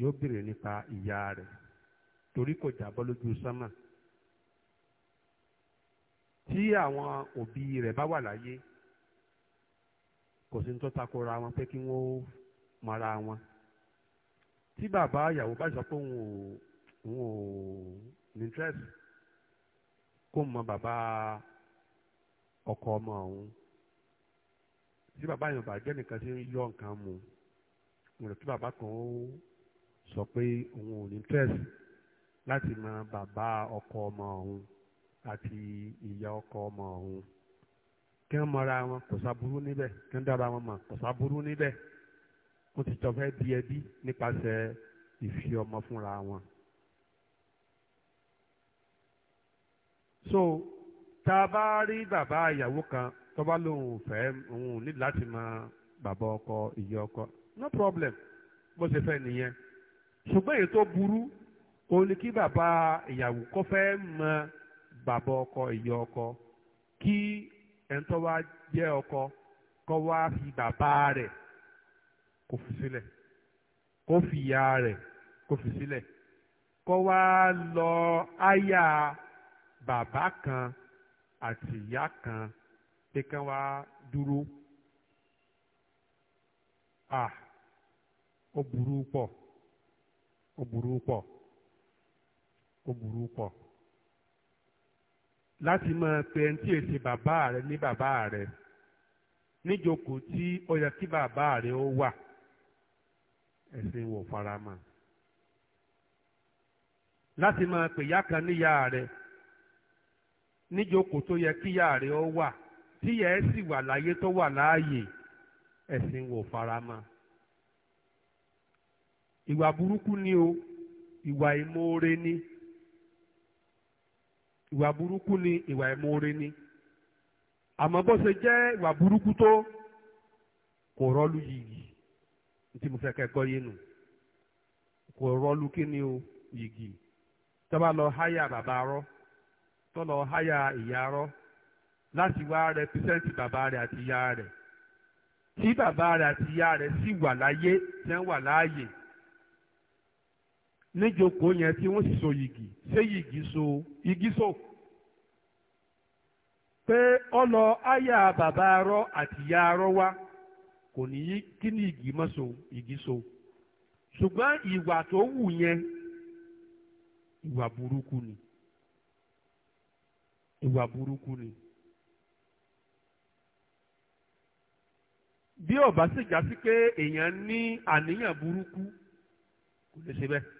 yóò béèrè nípa ìyá rẹ̀ torí kò jábọ́ lójú sánmà tí àwọn òbí rẹ̀ bá wà láyé kò sí ní tó takora wọn pé kí wọ́n mara wọn tí bàbá ìyàwó bá sọ pé òun ò òun ò ní tírẹ́sì kó mọ bàbá ọkọ ọmọ òun tí bàbá yẹn bá nìkan tí ń yọ nǹkan mu mo rò kí bàbá kan ó sọ pé òun ò ní tẹ́sì láti mọ bàbá ọkọ ọmọ òun àti ìyá ọkọ ọmọ òun kí wọ́n mọra wọn kò sábúrú níbẹ̀ kí wọ́n dára wọn mọ̀ kò sábúrú níbẹ̀ wọ́n ti jọ fẹ́ di ẹbí nípasẹ̀ ìfi ọmọ fúnra wọn. so tá a bá rí bàbá ìyàwó kan tó bá lóun fẹ́ òun ní láti mọ bàbá ọkọ ìyá ọkọ no problem bó ṣe fẹ́ nìyẹn ṣùgbọ́n èyí tó burú òun ni kí bàbá ìyàwó kó fẹ́ mọ bàbá ọkọ ìyá ọkọ kí ẹ̀ńtọ́ wá jẹ́ ọkọ kó wá fi bàbá rẹ̀ kó fi sílẹ̀ kó fi ìyá rẹ̀ kó fi sílẹ̀ kó wá lọ áyà bàbá kan àti ìyá kan pé kán wá dúró. Ah, ó burú pọ̀. o burú pọ̀ o burú pọ̀ láti máa pe ẹni tí èsì bàbá rẹ ní bàbá rẹ níjókòó tí ó yẹ kí bàbá rẹ ó wà ẹ̀sìn wò fara láti máa pè yá kan níyà rẹ níjókòó tó yẹ kíyà rẹ ó wà tíyà ẹ sì wà láyé tó wà láàyè ẹ̀sìn wò fara mọ́. ìwà burúkú ni o ìwà ìmoore ni ìwà burúkú ni ìwà ìmoore ni àmọ́ bó ṣe jẹ́ ìwà burúkú tó kò yìgì tí ni o yìgì tó lọ háyà bàbá rọ́ tó háyà ìyá rọ́ láti wá rẹpísẹ́ǹtì bàbá rẹ̀ àti ìyá rẹ̀ tí bàbá àti níjókòó yẹn tí wọ́n sì so yìgì ṣé yìgì so igi so pé ọ lọ àyà bàbá arọ àti ìyá arọ wá kò ní yí kí ni igi mọ́ so igi so ṣùgbọ́n ìwà tó wù yẹn ìwà burúkú ni ìwà burúkú ni. bí ó bá sì já sí pé èèyàn ní àníyàn burúkú kò lè ṣe bẹ́ẹ̀.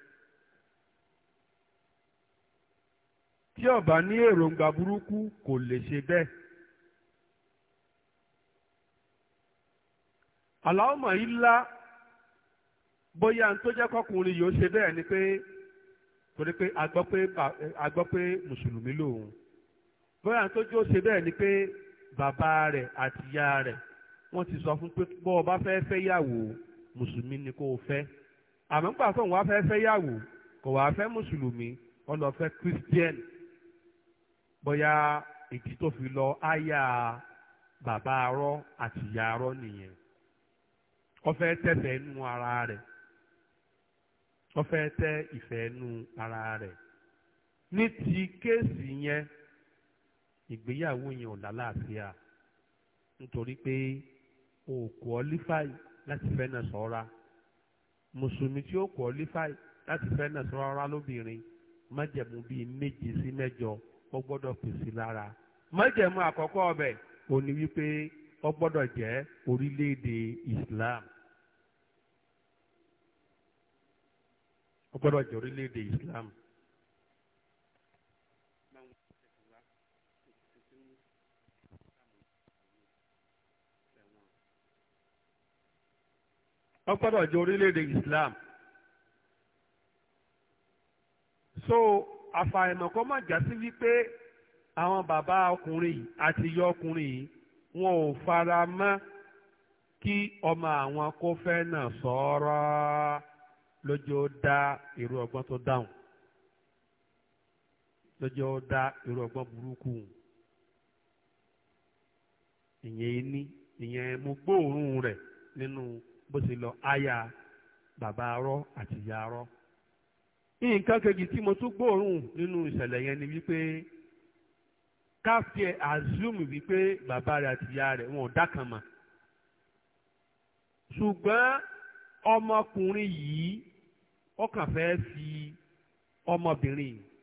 tí ó bá ní èròǹgbà burúkú kò lè ṣe bẹ́ẹ̀. àláọmọ yìí lá bóyá n tó jẹ́ kọkùnrin yìí ó ṣe bẹ́ẹ̀ ni pé torí pé a gbọ́ pé a gbọ́ pé mùsùlùmí lòun bóyá n tó jẹ́ ó ṣe bẹ́ẹ̀ ni pé bàbá rẹ̀ àti ìyá rẹ̀ wọ́n ti sọ fún pé bọ́ ọ bá fẹ́ fẹ́ yàwó mùsùlùmí ni kò fẹ́ àmọ́ nígbà tó ń wá fẹ́ fẹ́ yàwó kò wá fẹ́ mùsùlùmí ó lọ bóyá ìdí tó fi lọ áyà bàbá arọ àti ìyá arọ nìyẹn wọ́n fẹ́ tẹ̀fẹ̀ nú ara rẹ̀ wọ́n fẹ́ tẹ ìfẹ́ nú ara rẹ̀ ní ti kéèsì yẹn ìgbéyàwó yẹn ò lálàáfíà nítorí pé o kò ọlífàì láti fẹ́ náà sọ́ra mùsùlùmí tí ó kò ọlífàì láti fẹ́ náà sọ́ra lóbìnrin májẹ̀mú bíi méje sí mẹ́jọ ó gbọ́dọ̀ pèsè lára májẹ̀mú àkọ́kọ́ ọbẹ̀ ò ní wípé ó gbọ́dọ̀ jẹ́ orílẹ̀-èdè Islam ó gbọ́dọ̀ jẹ́ orílẹ̀-èdè Islam. ó gbọ́dọ̀ jẹ́ orílẹ̀-èdè Islam. so àfàìmọ̀ kó má já sí wípé àwọn bàbá ọkùnrin yìí àti ìyá ọkùnrin yìí wọn ò fara mọ́ kí ọmọ àwọn kó fẹ́ náà sọ̀rọ̀ lójó dá irú ọgbọ́n tó dáhùn lójó dá irú ọgbọ́n burúkú ìyẹn ní ìyẹn mo gbóòórùn rẹ̀ nínú bó ti lọ aya bàbá arọ́ àti ìyá arọ́ nǹkan kejì tí mo tún gbóòórùn nínú ìṣẹ̀lẹ̀ yẹn ni wípé ká fi àzúmù wípé bàbá rẹ̀ àti ìyá rẹ̀ wọn ò dákan mọ̀ ṣùgbọ́n ọmọkùnrin yìí ó kàn fẹ́ fi ọmọbìnrin yìí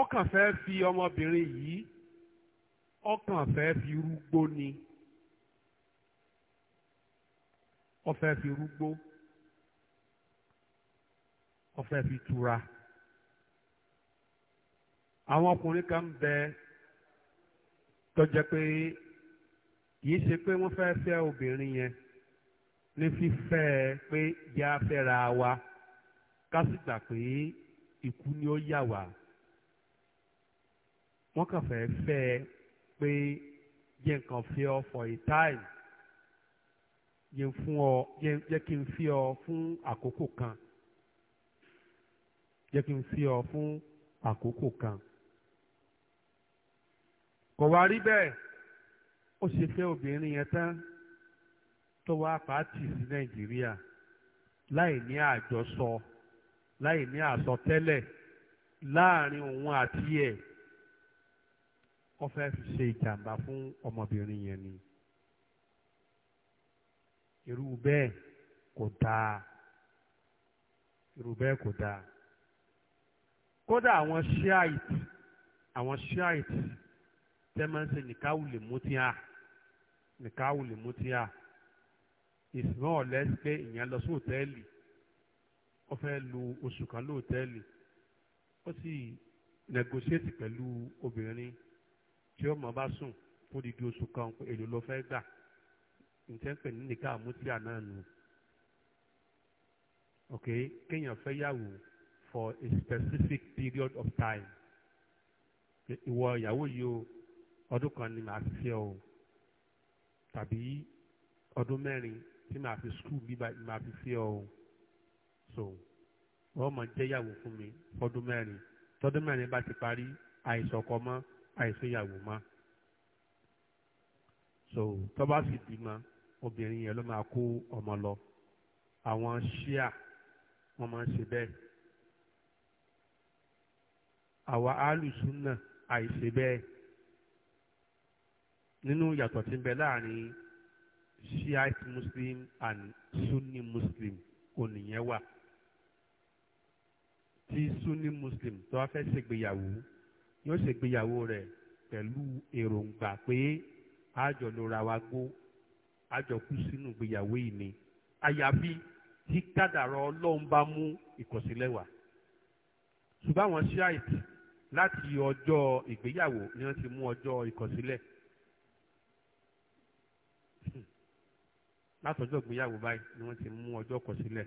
ọkàn fẹ́ fi ọmọbìnrin yìí ọkàn fẹ́ fi rúgbó ni ó fẹ́ fi rúgbó ó fẹ́ fi tura àwọn ọkùnrin kan ń bẹ tó jẹ́ pé kìí ṣe pé wọ́n fẹ́ fẹ́ obìnrin yẹn ní fífẹ́ pé yá fẹ́ra wa ká sì gbà pé ikú ni ó yà wá wọ́n kàn fẹ́ fẹ́ ẹ pé jẹ́ nǹkan fẹ́ ọ for a time jẹ́ fún ọ jẹ́ kí n fẹ́ ọ fún àkókò kan jẹ́ kí n fẹ́ ọ fún àkókò kan kò wá rí bẹ́ẹ̀ ó ṣe fẹ́ obìnrin yẹn tán tó wá pàtì sí nàìjíríà láì ní àjọsọ láì ní àsọtẹ́lẹ̀ láàrin òun àti ẹ̀ ó fẹ́ fi ṣe ìjàmbá fún ọmọbìnrin yẹn ni irú bẹ́ẹ̀ kò dáa irú bẹ́ẹ̀ kò dáa kódà àwọn shiite àwọn shiite tẹ́ máa ń ṣe nìkáwù lè mú tí a nìkáwù lè mú tí a ìsìnkú ọ̀lẹ́ pé ìyẹn lọ sí òtẹ́ẹ̀lì ó fẹ́ lu oṣù kan lóòtẹ́ẹ̀lì ó sì negotiate pẹ̀lú obìnrin tí ọmọ bá sùn fún dídí oṣù kan èlò ló fẹ́ gbà ntẹ́pẹ̀ ní àmútíà náà nù ok kéèyàn fẹ́ yàwó for a specific period of time ìwọ ìyàwó yìí o ọdún kan ni màá fi fẹ́ o tàbí ọdún mẹ́rin tí màá fi skul bí màá fi fẹ́ o so wọ́n mọ̀ jẹ́ yàwó fún mi fọdún mẹ́rin tọdún mẹ́rin bá ti parí àìsàn kọ́ mọ́ àìṣeyàwó mọ́ so tó bá sì bímọ obìnrin yẹn ló máa kó ọmọ lọ àwọn ṣíà wọ́n máa ń ṣe bẹ́ẹ̀ àwa alùsùnà àìṣe bẹ́ẹ̀ nínú yàtọ̀ tí ń bẹ láàrin shiite muslim and sunni muslim ònìyẹn wà tí sunni muslim tó wá fẹ́ ṣègbéyàwó yóò ṣègbéyàwó rẹ̀ pẹ̀lú èròǹgbà pé àjọ lóra wa gbó àjọ kú sínú ìgbéyàwó yìí ni àyàfi tí kádàrá ọlọ́run bá mú ìkọ̀sílẹ̀ wá. ṣùgbọ́n àwọn ṣíàìtì láti ọjọ́ ìgbéyàwó ni wọ́n ti mú ọjọ́ ìkọ̀sílẹ̀. Hmm. látọjọ́ ìgbéyàwó báyìí ni wọ́n ti mú ọjọ́ ìkọ̀sílẹ̀.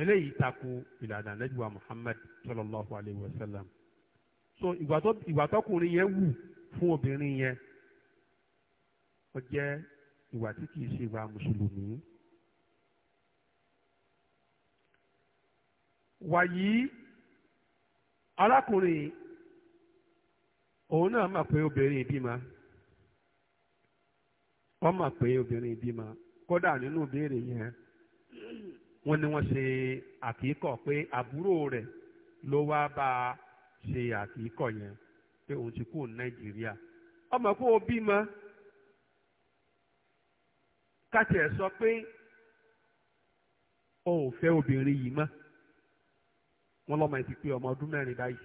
eléyìí taku ìlànà anájúwa Muhammad sallallahu alayhi wa sallam so ìwà tọkùnrin yẹn wù fún obìnrin yẹn ó jẹ ìwà tí kìí ṣe ìwà mùsùlùmí. wàyí arákùnrin òun náà mà pé obìnrin ìbímọ wọ́n mà pé obìnrin ìbímọ kódà nínú ìbéèrè yẹn wọ́n ní wọ́n ṣe àkíkọ̀ pé àbúrò rẹ̀ ló wá bá a ṣe àkíkọ̀ yẹn pé òun ti kú nàìjíríà ọmọ kó o bímọ káti ẹ̀ sọ pé o ò fẹ́ obìnrin yìí mọ́ wọ́n lọ́mọ ẹ̀ ti pé ọmọ ọdún mẹ́rin báyìí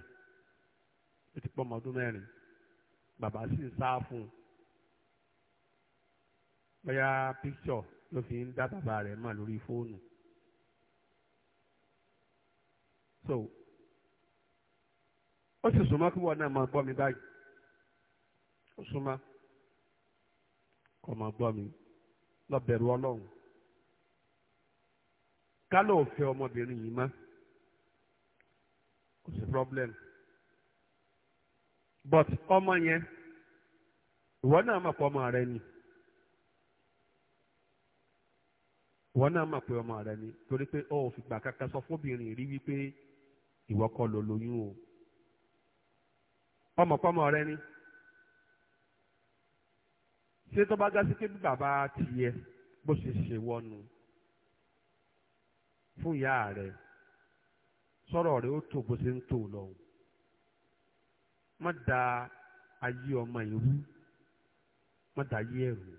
ó ti pé ọmọ ọdún mẹ́rin bàbá sì ń sá fún un bóyá píkṣọ̀ ló fi ń dá bàbá rẹ̀ mọ̀ lórí fóònù. so ó sì súnmọ́ kí wọ́n náà máa gbọ́ mi báyìí ó súnmọ́ kó máa gbọ́ mi ọlọ́run ká ló fẹ́ ọmọbìnrin yìí ma kò sí problem but ọmọ yẹn ìwọ náà mọ̀ ọmọ rẹ ni ìwọ náà ọmọ rẹ ni torí pé ó fi kankan sọ fóbìnrin rí ìwọ kọ́ ló lóyún o ọmọkọ́mọ rẹ ni ṣé tó bá gásí pé bí bàbá tiẹ̀ bó ṣe ṣe wọnú fún ìyá rẹ sọ̀rọ̀ rẹ ó tó bó ṣe ń tó lọ́hùn má da ayé ọmọ ìrú má da ayé ẹ̀rù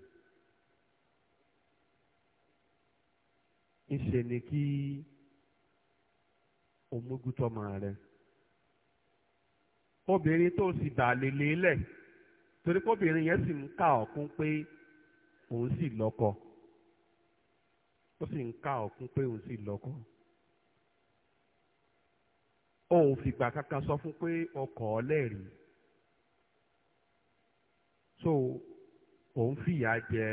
ńṣe ni kí òmùgùtọ́mọ rẹ obìnrin tó sì bà lè lélẹ̀ torí pé obìnrin yẹn sì ń kà ọ̀kún pé òun sì lọ́kọ ó sì ń kà ọ̀kún pé òun sì lọ́kọ òun fìgbà kankan sọ fún pé ọkọ ọlẹ́rìí so òun fìyà jẹ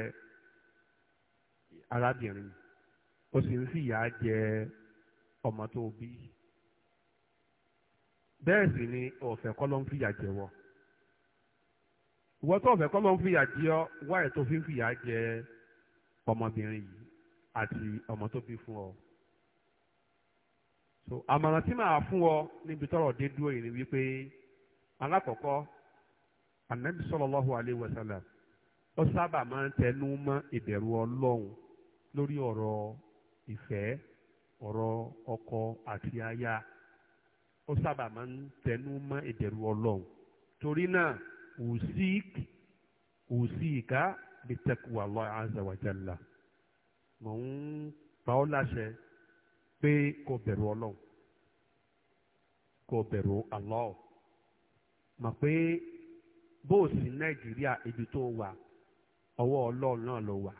arábìnrin ó sì ń fìyà jẹ ọmọ tó bí. bẹ́ẹ̀ sì ni ọ̀fẹ́ kọ́ ló ń fìyà jẹ wọ́ ìwọ tó ọ̀fẹ́ kọ́ ń fìyà jẹ ọ wá ètò fi ń fìyà jẹ ọmọbìnrin yìí àti ọmọ tó bí fún ọ so àmọ̀ràn tí màá fún ọ níbi tọrọ dé dúró yìí ni wípé alákọ̀ọ́kọ́ anabi sallallahu alayhi wa sallam ó sábà máa ń tẹnu mọ́ ìbẹ̀rù ọlọ́run lórí ọ̀rọ̀ ìfẹ́ ọ̀rọ̀ ọkọ àti aya. ó sábà máa ń tẹnu mọ́ ìdẹ̀rù ọlọ́run torí náà usik usika bitaqwa Allah azza wa jalla mò ń pa ọ́ láṣẹ pé kò bẹ̀rù ọlọ́run kò bẹ̀rù Allah mọ̀ pé bó o sì nàìjíríà ibi tó wà ọwọ́ ọlọ́run náà ló wà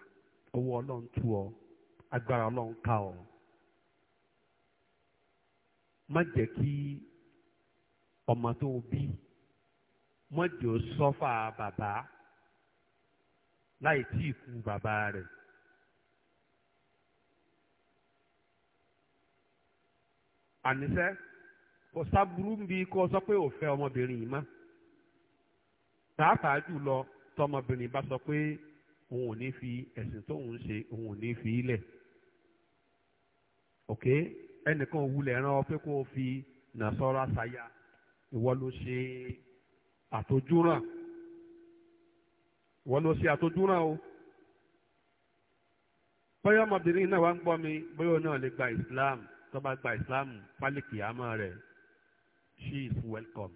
ọwọ́ ọlọ́run tú ọ agbára ọlọ́run ká ọ má jẹ́ kí ọmọ tó bí má jẹ́ ó sọ́fà bàbá láì tí ì kú bàbá rẹ̀. àníṣe kò sábúrú ń bi kó sọ pé ò fẹ́ ọmọbìnrin yìí mọ́ pàápàá jùlọ tọmọbìnrin bá sọ pé òun ò ní fi ẹ̀sìn tóun ṣe òun ò ní fi í lẹ̀. Okay? ẹnìkan òwúlẹ̀ rán ọ pé kó o fi nàṣọ́ra ṣaya ìwọ ló ṣe àtọ́júràn ìwọ ló ṣe àtọ́júràn o bóyá ọmọbìnrin náà wá ń gbọ́ mi bóyá òun náà lè gba Islam tó bá gba Islam pálíkì àmọ́ rẹ̀ she is welcome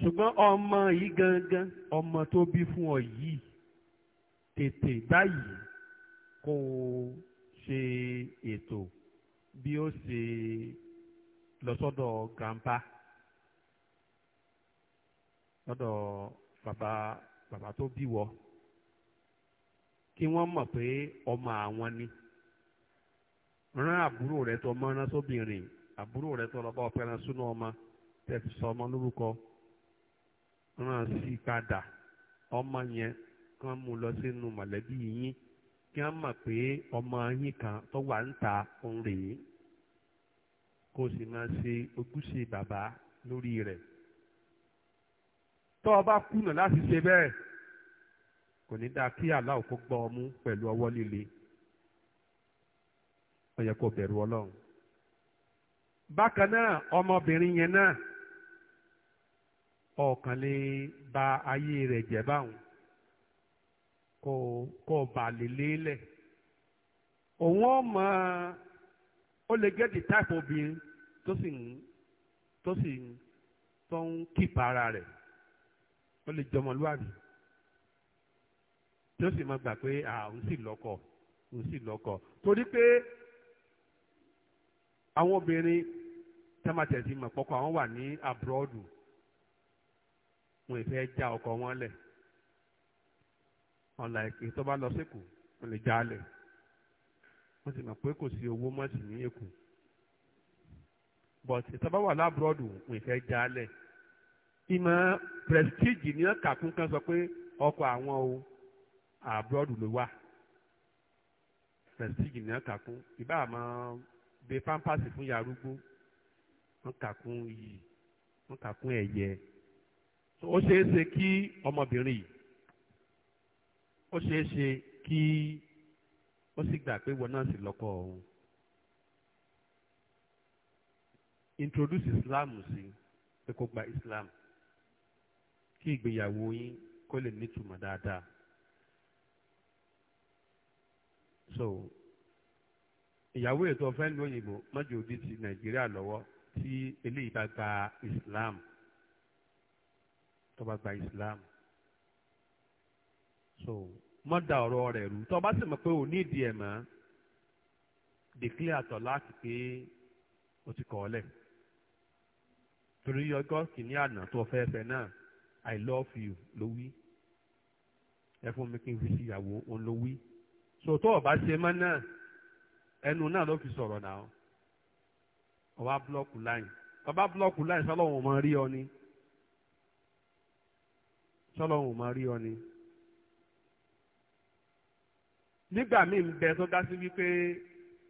ṣùgbọ́n ọmọ yìí gangan ọmọ tó bí fún ọ yìí tètè báyìí kó o. ṣe ètò bí ó ṣe lọ sọ́dọ̀ lọ́dọ̀ bàbá bàbá tó bí wọ kí wọ́n mọ̀ pé ọmọ àwọn ni rán àbúrò rẹ tó ọmọ rán sóbìnrin àbúrò rẹ tó lọ́ba ọ̀pẹ ọmọ tẹ̀sí lórúkọ rán sí padà ọmọ yẹn kán kí wọ́n mọ̀ pé ọmọ yín kan tó wà ń ta òun rèé kó sì máa ṣe ojúṣe bàbá lórí rẹ̀ tó o bá kùnà láti ṣe bẹ́ẹ̀ kò ní dáa kí aláwọ̀ kó gbọ́ ọmú pẹ̀lú ọwọ́ líle ó yẹ kó bẹ̀rù ọlọ́run bákan náà ọmọbìnrin yẹn náà ọ̀kan lè ba ayé rẹ̀ jẹ́ báwọn kò kò bà lè lélẹ̀ òun ó mọ ó lè gẹ́tì táìpù obìnrin tó sì ń tó sì ń tó ń kíp ara rẹ̀ ó lè jọmọlúwàbí tí ó sì máa gbà pé òun sì lọ́kọ òun sì lọ́kọ torí pé àwọn obìnrin tẹ́mátẹ̀sí mọ̀ pọ́kọ àwọn wà ní àbúrọ́dù wọn ì fẹ́ já ọkọ wọn lẹ̀ ọ̀la èké tó bá lọ sékù wọ́n lè jálẹ̀ wọ́n sì mọ̀ pé kò sí owó mọ́ sí ní èkó but ìtọ́ba wà lábúrọ́dù wọ́n ìfẹ́ jálẹ̀ ìmọ̀ prestige ní kàkún kan sọ pé ọkọ̀ àwọn o àbúrọ́dù ló wà prestige ní kàkún ìbá àmọ́ de pampers fún yarúgbó wọ́n kàkún iyì wọ́n kàkún ẹ̀yẹ ó ṣeé ṣe kí ọmọbìnrin yìí ó ṣeé ṣe kí ó sì gbà pé wọn náà sì lọ́kọ òun introduce Islam sí pé kó gba Islam kí ìgbéyàwó yín kó lè nítumọ̀ dáadáa so ìyàwó ètò ọ̀fẹ́ ní òyìnbó mọ́jọ́ òdi ti Nàìjíríà lọ́wọ́ tí eléyìí bá gba Islam tó bá gba Islam so má da ọ̀rọ̀ rẹ̀ rú tó o bá sì mọ̀ pé o ní ìdí ẹ̀ mọ́ declare àtọ̀ láti pé o ti kọ̀ ọ́ lẹ̀ torí ọjọ́ kìíní àná tó o fẹ́ fẹ́ náà i love you ló wí ẹ fún mi kí n fi sí ìyàwó òun ló wí so tó o bá ṣe mọ́ náà ẹnu náà ló fi sọ̀rọ̀ náà o wá búlọ́ọ̀kù láyìn o bá búlọ́ọ̀kù láyìn sọ́lọ́hún ò mọ rí ọ ni sọ́lọ́hún ò mọ rí ọ ni nígbà míì ń bẹ tó dá sí wípé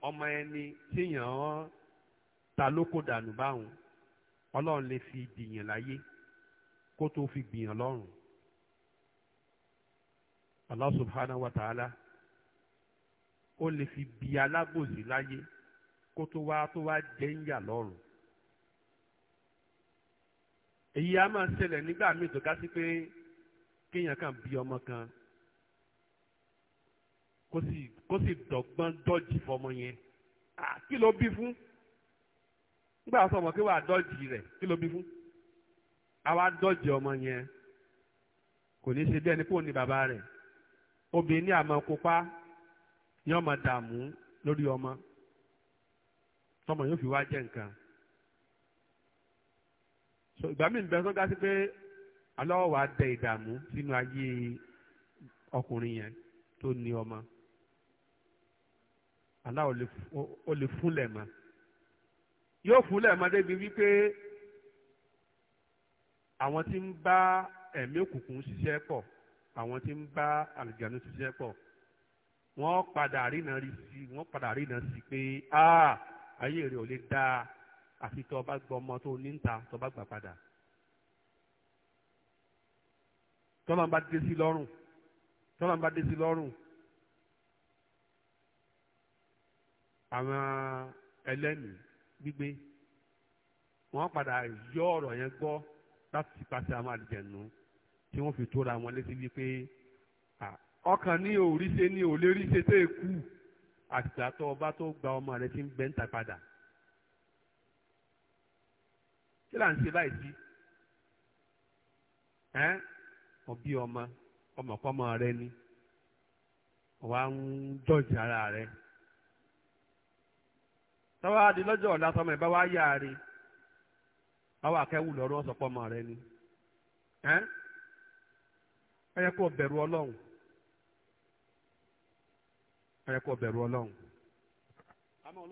ọmọ ẹni tíyàn ta lóko dànù báwọn ọlọ́run lè fi dìyàn láyé kó tó fi gbìyàn lọ́rùn Allah subhanahu wa ta'ala ó lè fi bi alábòsí láyé kó tó wá tó wá jẹ́ ń yà lọ́rùn èyí á máa ṣẹlẹ̀ nígbà míì tó ká sí pé kéèyàn kan bí ọmọ kan kó sì kó sì dọ́gbọ́n dọ́jì fọmọ yẹn kí ló bí fún nígbà sọmọ kí wàá dọ́jì rẹ̀ kí ló bí fún àwa dọ́jì ọmọ yẹn kò ní ṣe bẹ́ẹ̀ ni kò ní bàbá rẹ̀ obìnrin ní àmọ́ kópa yóò máa dààmú lórí ọmọ tọmọ yóò fi wá jẹ nǹkan so ìgbà mi bẹ sọgá sí pé aláwọ̀ wa dẹ ìdààmú sínú ayé ọkùnrin yẹn tó ní ọmọ. Allah ò lè fúnlẹ̀ mọ́ yóò fúnlẹ̀ mọ́ débi wípé àwọn tí ń bá ẹ̀mí òkùnkùn ṣiṣẹ́ pọ̀ àwọn tí ń bá àlùjánu ṣiṣẹ́ pọ̀ wọ́n padà rínà rí sí wọ́n padà rínà sí pé ayé rẹ̀ ò lè dáa àfi tó bá gbọ́ ọmọ tó ní ta tó bá gbà padà tọ́lá dé sí lọ́rùn tọ́lá dé sí lọ́rùn àwọn ẹlẹ́mìí gbígbé wọ́n padà yọ ọ̀rọ̀ yẹn gbọ́ láti pàṣẹ àwọn àlìjẹ̀nu tí wọ́n fi tóra wọn létí wípé ọkàn ní òríṣe ní òléríṣe tó èkú e àtìgbà tó ọba tó gba ọmọ rẹ ti ń bẹ́ ń ta padà kí là ń ṣe báyìí sí ẹ ọbí ọmọ ọmọkọ́mọ rẹ ni wàá ń jọ̀jì ara rẹ. tọ́wọ́ adi lọ́jọ́ ọ̀la tọmọ ẹ̀ bá wá yá rí àwọn akẹ́wù lọ́rùn rẹ ni ẹ́ ẹ bẹ̀rù ọlọ́run bẹ̀rù ọlọ́run. àmọ́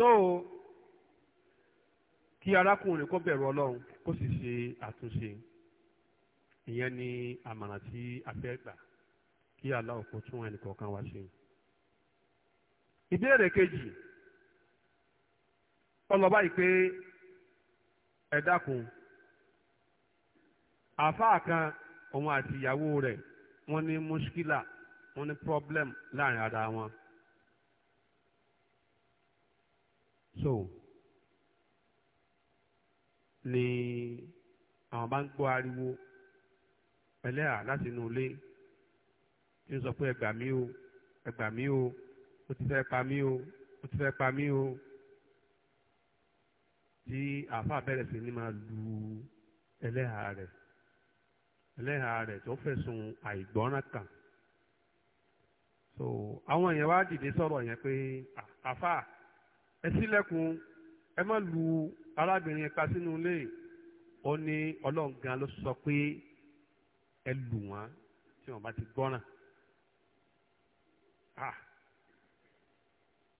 so kí arákùnrin kó bẹ̀rù ọlọ́run kó sì ṣe àtúnṣe ìyẹn ni àmàràn tí a fẹ́ gbà kí aláwọ̀ kó tún ẹnìkọ̀ọ̀kan wá ṣe. ìbéèrè kejì ọlọ́ba yìí pé ẹ kan òun àti ìyàwó rẹ̀ wọ́n ní mùṣkílà wọ́n ní problem láàrin ara wọn so ni àwọn bá ń gbọ́ ariwo ẹlẹ́à láti inú ilé tí ń sọ pé ẹ gbà o ẹ gbà o ó ti fẹ́ pa mí o ó ti fẹ́ pa mí o tí àáfàá bẹ̀rẹ̀ sí ni máa lu ẹlẹ́à rẹ̀ ẹlẹ́à rẹ̀ tó fẹ̀sùn àìgbọ́ràn kàn so àwọn èèyàn wá dìde sọ̀rọ̀ yẹn pé àáfàá ẹ sílẹ̀kùn ẹ má lu arábìnrin ẹ̀ka sínú ilé ó ní ọlọ́run gan ló sọ pé ẹ lù wọ́n tí wọ́n bá ti gbọ́ràn. Ah,